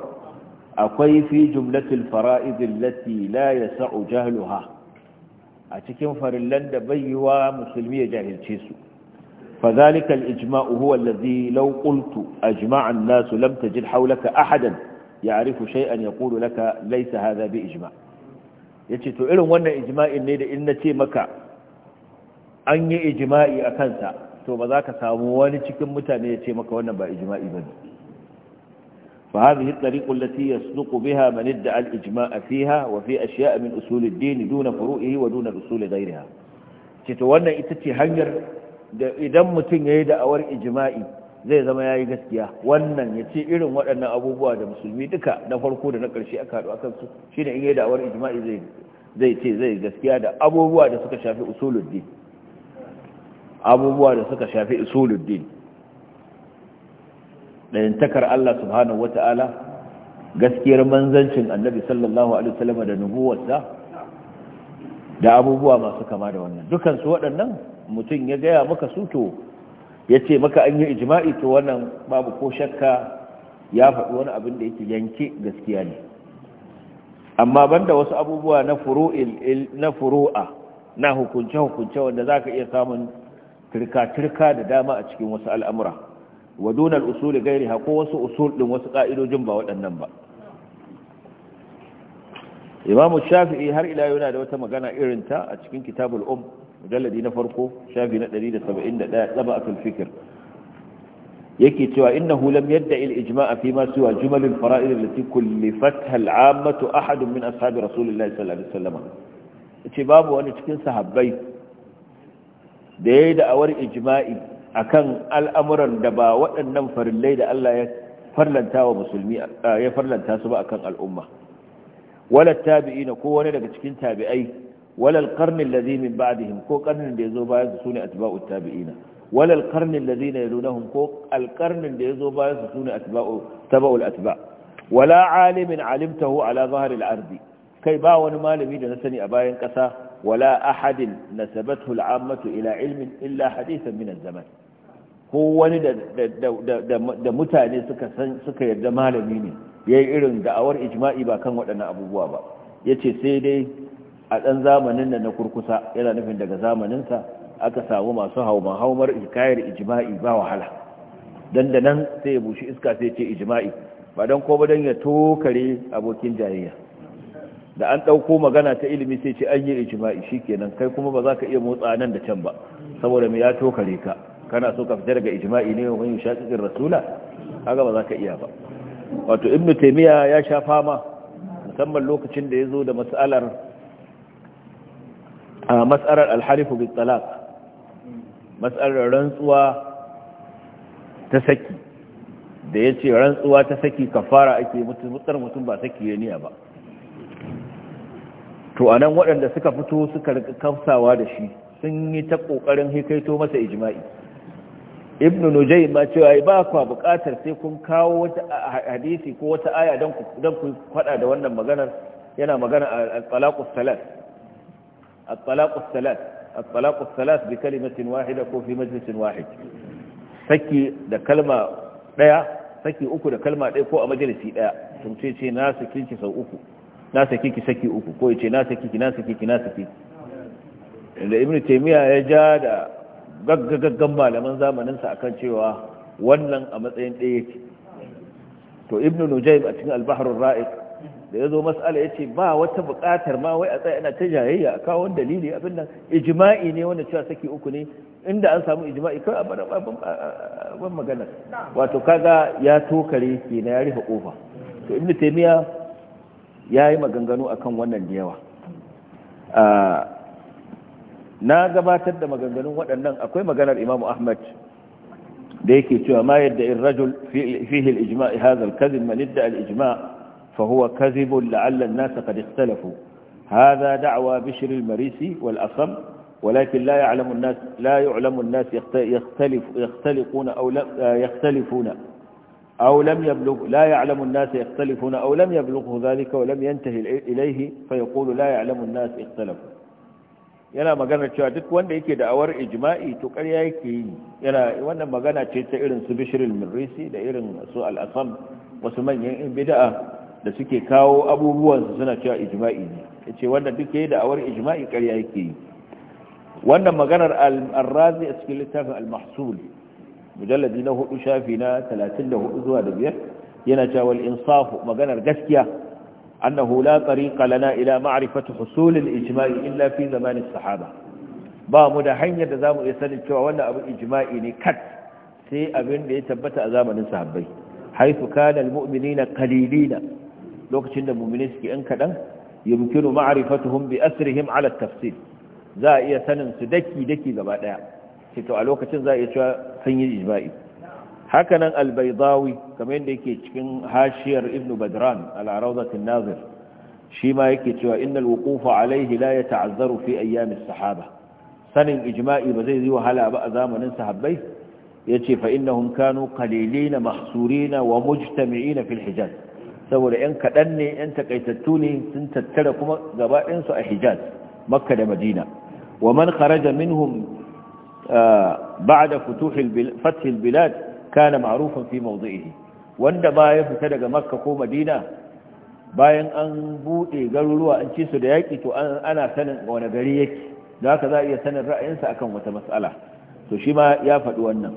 akwai fi jumlatul fara'id allati la yas'u jahluha a cikin farin landa bai yi wa musulmi ya jahilce su فذلك الإجماع هو الذي لو قلت أجمع الناس لم تجد حولك أحدا يعرف شيئا يقول لك ليس هذا بإجماع yace to irin wannan ijma'in ne da in nace maka an yi ijima'i a kansa to ba za ka samu wani cikin mutane ya ce maka wannan ba ijma'i ba fa hadhihi at-tariqu allati yasduqu biha man idda'a al-ijma'a fiha wa fi ashya'a min usul ad-din duna furu'ihi wa duna usul ghayriha ce to wannan ita ce hanyar da idan mutum yayi awar ijma'i zai zama yayi gaskiya wannan yace irin waɗannan abubuwa da musulmi duka na farko da na ƙarshe aka haɗu akan su shine in yayi da'awar ijma'i zai zai ce zai gaskiya da abubuwa da suka shafi usuluddin abubuwa da suka shafi usuluddin ɗayantakar Allah subhanahu wata'ala gaskiyar manzancin annabi sallallahu alaihi wasallam da nubuwarsa da abubuwa masu kama da wannan dukan waɗannan mutum ya gaya maka su to ya ce maka an yi ijma'i to wannan babu ko shakka ya faɗi wani abin da yake yanke gaskiya ne amma banda wasu abubuwa na furu'a na hukunce-hukunce wanda za ka iya samun turka-turka da dama a cikin wasu al'amura wa dunar usuli gairi ha ko wasu usul ɗin wasu ƙa'idojin ba waɗannan ba imamu shafi'i har ila yana da wata magana irinta a cikin kitabul um mujalladi na farko shafi na 171 tsaba a fikir yake cewa inna lam yadda il ijma'a fi ma siwa jumalul fara'id allati kullifatha al'ammatu ahadun min ashabi rasulillahi sallallahu alaihi wasallam ce babu wani cikin sahabbai da ya yi da'awar ijima'i a kan al'amuran da ba waɗannan farillai da Allah ya farlanta su ba a kan al'umma walar tabi'i na ko wani daga cikin tabi'ai walar karnin lazimin ba'adihim ko karnin da ya zo bayan su ne sune atba'u tabi'ina walar karnin lazina ya lunahun ko alkarnin da ya zo bayan su sune atba'u taba'ul atba wala alimin alimtahu ala zaharil al'arzi. kai ba wani malami da na sani a bayan ƙasa wala ahadin nasabathu al'ammatu ila ilmin illa hadithan min zaman ko wani da mutane suka san yarda malami ne yayi irin da'awar ijma'i ba kan waɗannan abubuwa ba ya ce sai dai a ɗan zamanin da na kurkusa yana nufin daga zamanin sa aka samu masu hauma haumar hikayar ijma'i ba wahala dan da nan sai ya bushi iska sai ce ijma'i ba dan ko ba dan ya tokare abokin jayayya da an ɗauko magana ta ilimi sai ce an yi ijma'i kenan kai kuma ba za ka iya motsa nan da can ba saboda me ya tokare ka kana so ka fita daga ijima'i ne wani shaƙiƙin rasula haka ba za ka iya ba wato ibn taimiyya ya sha fama musamman lokacin da ya zo da matsalar a mas'alar alharifu bil talaq matsalar rantsuwa ta saki da yace rantsuwa ta saki kafara ake mutum mutum ba saki ya niya ba to anan waɗanda suka fito suka rika kamsawa da shi sun yi ta ƙoƙarin hikaito masa ijma'i ibnu nujai ma cewa ba kwa buƙatar sai kun kawo wata hadisi ko wata aya don ku faɗa da wannan maganar yana magana al-talaqus salat al-talaqus salat al-talaqus salat bi kalimatin wahida ko fi majlisin wahid saki da kalma daya saki uku da kalma daya ko a majalisi daya tumce ce na saki sau uku na saki ki saki uku ko ya ce na saki ki na saki ki na saki da ibn taymiya ya ja da gaggagaggan malaman zamanin sa akan cewa wannan a matsayin ɗaya yake to ibn nujaib a cikin al-bahr ar-ra'iq da yazo mas'ala yace ba wata buƙatar ma wai a tsaya ana ta jayayya a kawo dalili abin nan ijma'i ne wanda cewa saki uku ne inda an samu ijma'i kai a ban magana wato kaga ya tokare kenan ya rufe kofa to ibn taymiya ya yi maganganu a kan wannan da yawa na gabatar da maganganun waɗannan akwai maganar imamu ahmad da yake cewa ma yadda in rajul fihi al’ijima a hadha kazin manidda al’ijima fahuwa al-ijma fa huwa kadhib la'alla an-nas qad marisi wal’asam walakin ولكن لا يعلم الناس لا يعلم أو لم يبلغ لا يعلم الناس يختلفون أو لم يبلغه ذلك ولم ينتهي إليه فيقول لا يعلم الناس اختلفوا yana magana cewa duk wanda yake da'awar ijma'i to ƙarya yake yi yana wannan magana ce ta irin su bishirin mirrisi da irin su al wasu manyan in bid'a da suke kawo abubuwan suna cewa ijma'i ne yace wanda duk yayi da'awar ijma'i ƙarya yake yi wannan maganar al-razi a cikin littafin al-mahsul mujalladi na hudu shafi na 34 zuwa da biyar yana cewa wal insafu maganar gaskiya annahu la tariqa lana ila ma'rifati husul al ijma'i illa fi zaman as sahaba ba mu da hanyar da zamu iya sanin cewa wannan abu ijma'i ne kat sai abin da ya tabbata a zamanin sahabbai haythu kana al mu'minina qalilina lokacin da mu'mini suke yan kadan yumkinu ma'rifatuhum bi asrihim ala at tafsil za a iya sanin su daki daki gaba daya ce to a lokacin za a iya cewa sun yi ijma'i hakanan albaidawi kamar yadda yake cikin hashiyar ibn badran al'arauzatin nazir shi ma yake cewa inna wuqufa alaihi la yata'azzaru fi ayyamis sahaba sanin ijma'i ba zai yi wahala ba a zamanin sahabbai yace fa innahum kanu qalilina mahsurina wa mujtami'ina fil hijaz saboda yan kadan ne yan takaitattu ne sun tattara kuma gaba ɗayan a hijaz makka da madina wa man kharaja minhum بعد فتوح فتح البلاد كان معروفا في موضعه wanda ba ya fita daga makka ko madina bayan an buɗe garuruwa an ci su da yaƙi to ana sanin wani gari yake da haka za a iya sanin ra'ayinsa akan wata matsala to shi ma ya faɗi wannan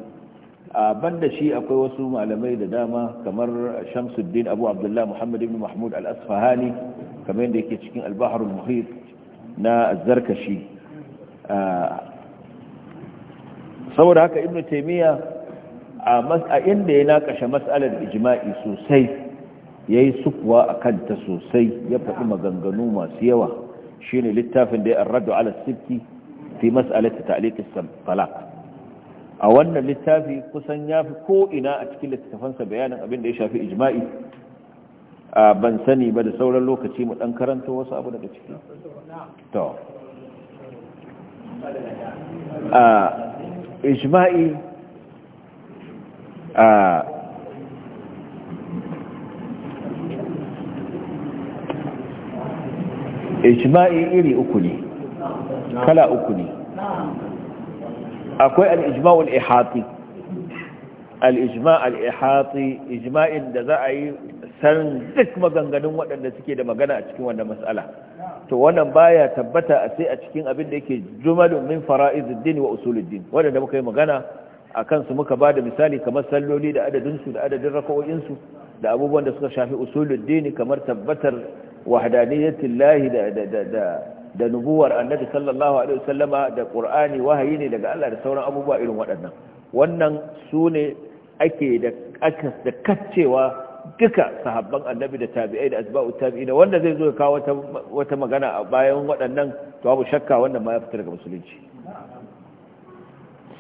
a banda shi akwai wasu malamai da dama kamar shamsuddin abu abdullah muhammad ibn mahmud al-asfahani kamar yadda yake cikin al al-muhit na zarkashi saboda haka ibnu taymiya a inda ya nakashe mas'alar ijma'i sosai yayi sukuwa akan ta sosai ya faɗi maganganu masu yawa shine littafin da ya arraddu ala sibti fi mas'alati ta'liq as-talaq a wannan littafi kusan yafi ko ina a cikin littafansa bayanin abin da ya shafi ijma'i ban sani ba da sauran lokaci mu ɗan karantar wasu abu daga ciki ijma'i a ijma'i iri uku ne kala uku ne akwai al-ijma'u al-ihati al-ijma' al-ihati ijma'in da za a yi san duk maganganun waɗanda suke da magana a cikin wannan mas'ala to wannan baya tabbata a sai a cikin abin da yake jumalun min fara'izuddin wa usuluddin wanda muka yi magana a kansu muka ba da misali kamar salloli da adadinsu da adadin raka'o'insu da abubuwan da suka shafi usuluddin kamar tabbatar wahdaniyatin lahi da da da da nubuwar annabi sallallahu alaihi wasallama da qur'ani wahayi ne daga Allah da sauran abubuwa irin waɗannan wannan su ne ake da da kacewa duka sahabban annabi da tabi'ai da asba'u tabi'i da wanda zai zo ya kawo wata magana a bayan waɗannan to abu shakka wanda ma ya fita daga musulunci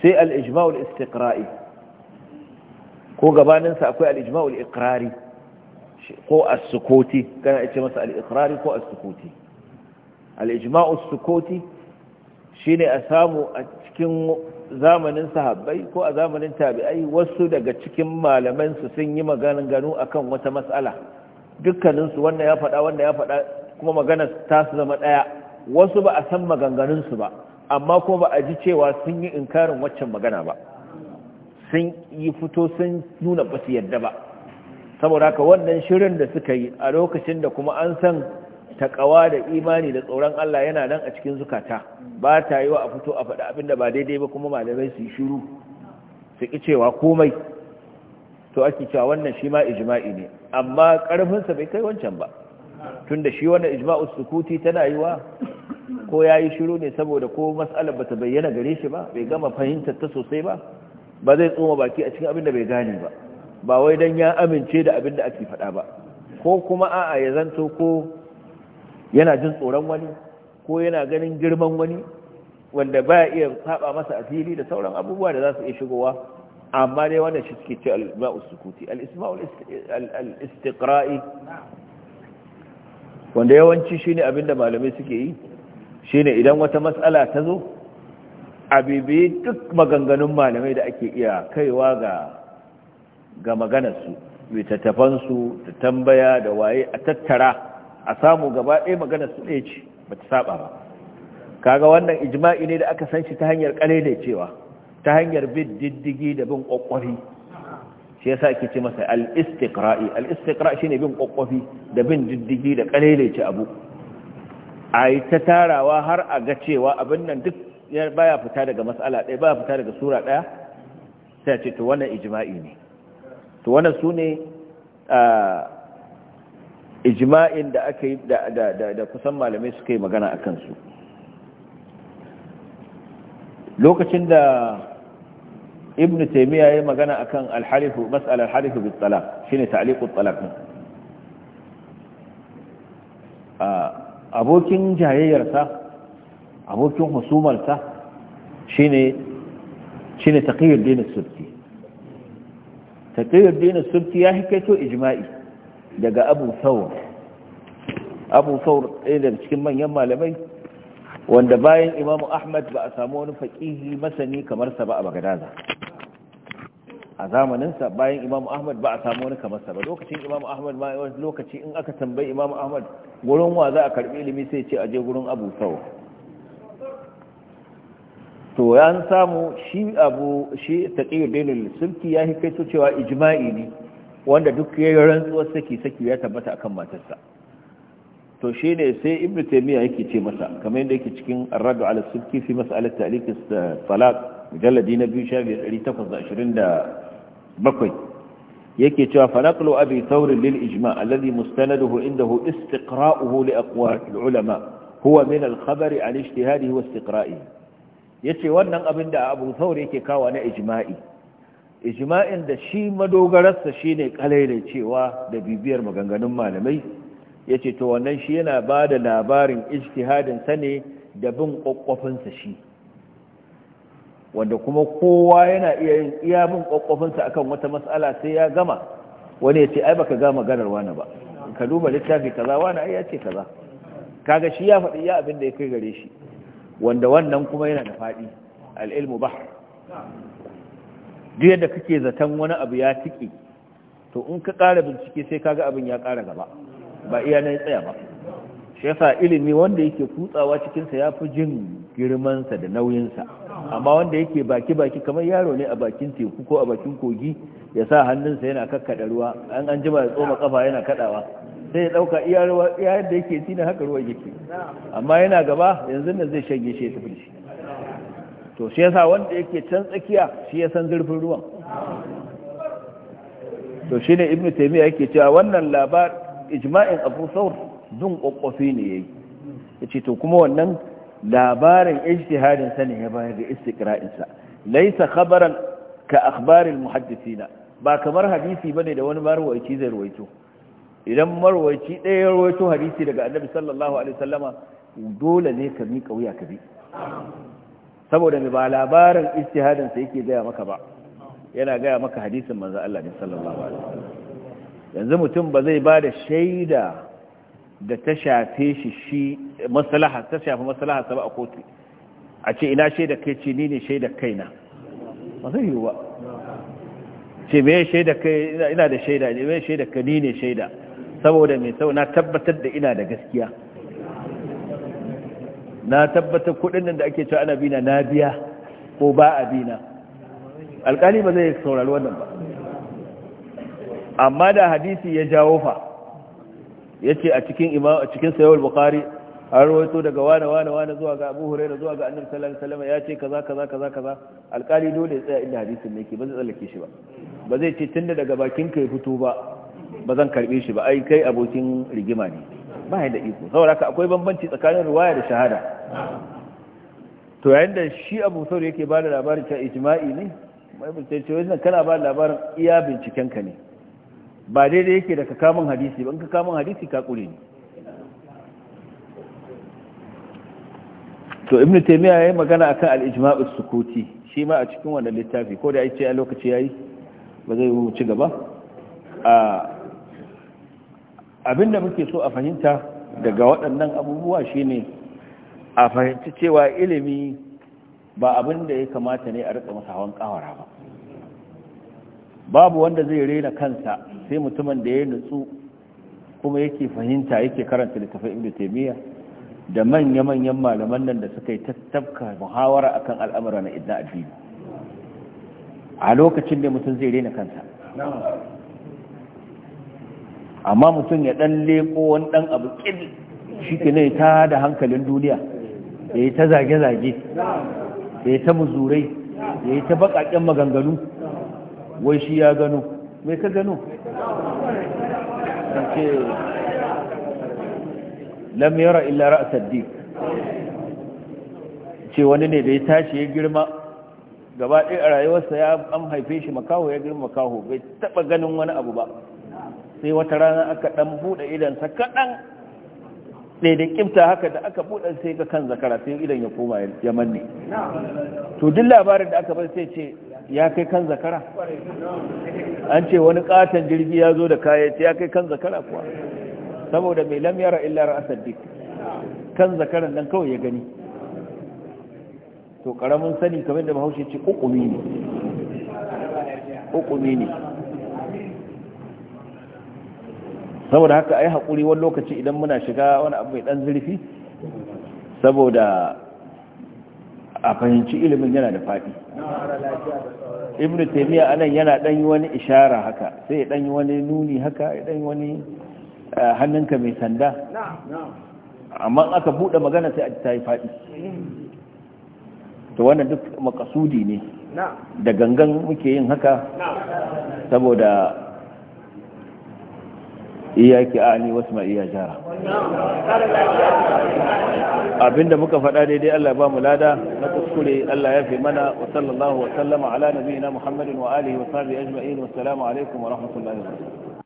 sai al-ijma'ul istiqra'i ko gabanin sa akwai al-ijma'ul iqrari ko as-sukuti kana ce masa al-iqrari ko as-sukuti al-ijma'us sukuti shine a samu a cikin zamanin sahabbai ko a zamanin tabi'ai wasu daga cikin malamansu sun yi gano akan wata matsala dukkaninsu wanda ya faɗa wanda ya faɗa kuma magana ta su zama ɗaya wasu ba a san maganganunsu ba amma kuma ba a ji cewa sun yi inkarin waccan magana ba sun yi fito sun nuna ba su yadda ba saboda haka wannan shirin da suka yi a lokacin da kuma an san takawa da imani da tsoron Allah yana nan a cikin zukata ba ta yi wa a fito a faɗi abinda ba daidai ba kuma malamai su yi shiru su ƙi cewa komai to ake cewa wannan shi ma ijma'i ne amma ƙarfinsa bai kai wancan ba tun da shi wannan ijma'u sukuti tana yi wa ko ya yi shiru ne saboda ko matsalar ba ta bayyana gare shi ba bai gama fahimtar ta sosai ba ba zai tsoma baki a cikin abin da bai gane ba ba wai don ya amince da abin da ake faɗa ba ko kuma a'a ya zanto ko yana jin tsoron wani ko yana ganin girman wani wanda ba iya saba masa a fili da sauran abubuwa da za su iya shigowa amma dai wannan shi suke ce al-ma'u sukuti al-isma'u al-istiqra'i wanda yawanci shine da malamai suke yi shine idan wata matsala ta zo a bebe duk maganganun malamai da ake iya kaiwa ga ga maganarsu su ta tambaya da waye a tattara a samu gaba ɗaya magana su ɗaya ce ba ta saba ba kaga wannan ijma'i ne da aka san shi ta hanyar ƙalele cewa ta hanyar bin diddigi da bin ƙwaƙwafi shi yasa ake ce masa al-istiqra'i al-istiqra' shine bin ƙwaƙwafi da bin diddigi da ƙalele ce abu a yi ta tarawa har a ga cewa abin nan duk baya fita daga mas'ala ɗaya baya fita daga sura ɗaya sai ce to wannan ijma'i ne to wannan su ne ah, ijma'in da aka yi da kusan malamai suka yi magana a kansu lokacin da ibn taimiyya ya magana a kan alharifu matsalar harifu bi tsala shi ne ta'alikun tsalakun abokin jayayyarsa abokin husumarsa shi ne taƙiyyar dinin sulki taƙiyyar dinin sulki ya hikaito ijma'i daga abu saur abu saur ɗaya daga cikin manyan malamai wanda bayan imamu ahmad ba a samu wani faƙihi masani kamar sa ba a bagadaza a zamaninsa bayan imamu ahmad ba a samu wani kamar sa ba lokacin imamu ahmad ma wani lokaci in aka tambayi imamu ahmad gurin wa za a karɓi ilimi sai ce aje gurin abu saur to ya samu shi abu shi taƙiyar dailul sulki ya hikaito cewa ijma'i ne wanda duk ya yi rantsuwar saki-saki ya tabbata akan matarsa to shi ne sai ibn taimiyya yake ce masa kamar yadda yake cikin arradu ala sulki fi mas'alar talikis da talak mujalladi na biyu sha yake cewa fanaqlu abi thawr lil ijma alladhi mustanaduhu indahu istiqra'uhu li aqwal ulama huwa min al khabar an ijtihadihi wa istiqra'ihi yace wannan abin da abu thawr yake kawo na ijma'i ijma'in da shi madogararsa shine kalailai cewa da bibiyar maganganun malamai yace to wannan shi yana ba da labarin ijtihadin sa ne da bin kwakwafinsa shi wanda kuma kowa yana iya yin iya bin kwakwafinsa akan wata matsala sai ya gama wani ya ce ai baka ga maganar wani ba ka duba littafi kaza wani ai ya ce kaza kaga shi ya faɗi ya abin da ya kai gare shi wanda wannan kuma yana da faɗi al-ilmu bahr duk yadda kake zaton wani abu ya tiki to in ka kara bincike sai kaga abin ya kara gaba ba iya na tsaya ba shi yasa ilimi wanda yake kutsawa cikinsa ya fi jin girmansa da nauyinsa amma wanda yake baki-baki kamar yaro ne a bakin teku ko a bakin kogi ya sa hannunsa yana kakkada ruwa an an jima ya tsoma kafa yana kaɗawa sai ya ɗauka iya ruwa iya yadda yake tina haka ruwa yake amma yana gaba yanzu nan zai shanye shi ya tafi shi to shi yasa wanda yake can tsakiya shi ya san zurfin ruwan to shine ibnu taymiya yake cewa wannan labar ijma'in abu saur dun kokkofi ne yayi yace to kuma wannan labarin ijtihadin sa ne ya bayar da istiqra'in sa laysa khabaran ka akhbaril muhaddisina ba kamar hadisi bane da wani marwayi zai ruwaito idan marwaci ɗaya ya rawaito hadisi daga annabi sallallahu alaihi wasallama dole ne ka mika wuya ka bi saboda ba labarin istihadin sa yake gaya maka ba yana gaya maka hadisin manzo Allah ne sallallahu alaihi wasallam yanzu mutum ba zai ba da shaida da ta shafe shi shi maslaha ta shafi maslaha sa ba a kotu a ce ina shaida kai ce ni ne shaida kaina ba zai yiwu ba ce me shaida kai ina da shaida ne me shaida ka ni ne shaida saboda me sau na tabbatar da ina da gaskiya na tabbatar kudin nan da ake cewa ana bina na biya ko ba a bina alkali ba zai saurari wannan ba amma da hadisi ya jawo fa yace a cikin imam a cikin sahih al-bukhari an rawaito daga wane wane wane zuwa ga Abu huraira zuwa ga Annabi sallallahu alaihi wasallam yace kaza kaza kaza kaza alkali dole ya tsaya inda hadisin ne yake ba zai tsallake shi ba ba zai ce tunda daga bakin ka ya fito ba ba zan karbe shi ba ai kai abokin rigima ne ba ya da iko saboda haka akwai bambanci tsakanin ruwaya da shahada to yayin da shi abu sauri yake ba da labarin cewa ijma'i ne mai bincike wannan kana ba da labarin iya binciken ka ne ba daidai yake da ka kamun hadisi ba in ka kamun hadisi ka kure ne to ibnu taymiya yayin magana akan al ijmau sukuti shi ma a cikin wannan littafi ko da yace a lokaci yayi ba zai mu ci gaba a Abin da muke so a fahimta daga waɗannan abubuwa shine a fahimci cewa ilimi ba abin da ya kamata ne a rika masa hawan kawara ba babu wanda zai rena kansa sai mutumin da ya nutsu kuma yake fahimta yake karanta littafin ibnu taymiya da manya-manyan malaman nan da suka yi tattabka muhawara akan al'amura na idan addini a lokacin da mutum zai rena kansa amma mutum ya dan leko wani dan abu kil shi ke ne ta da hankalin duniya ya yi ta zage-zage ya yi ta muzurai ya yi ta baƙaƙen maganganu wai shi ya gano mai ka gano lam yara illa a dik ce wani ne da ya tashi ya girma gaba ɗaya a rayuwarsa ya an haife shi makaho ya girma makaho bai taɓa ganin wani abu ba sai wata rana aka dan bude idansa kaɗan da kimta haka da aka bude sai ga kan zakara sai idan ya koma ya manne to duk labarin da aka bar sai ce ya kai kan zakara an ce wani katon jirgi ya zo da kaya ya kai kan zakara kuwa saboda mai lamyara illar illa ra'asar dik kan zakaran nan kawai ya gani to karamin sani kamar da bahaushe ce ƙuƙumi ne ƙuƙumi ne saboda haka a yi hakuri wani lokaci idan muna shiga wani abu mai ɗan zurfi saboda a fahimci ilimin yana da faɗi ibn taimiyya anan yana yi wani ishara haka sai ya yi wani nuni haka ya yi wani eh, hannunka mai sanda amma aka buɗe magana sai a ta yi faɗi to wannan duk makasudi ne da gangan muke yin haka saboda iyaki ani wasu ma iya jara abinda muka faɗa daidai Allah ba mu lada na kuskure Allah ya fi mana wa sallallahu wa sallama ala nabiyina Muhammadin wa alihi wa sahbihi ajma'in wa salamu alaikum wa rahmatullahi wa barakatuh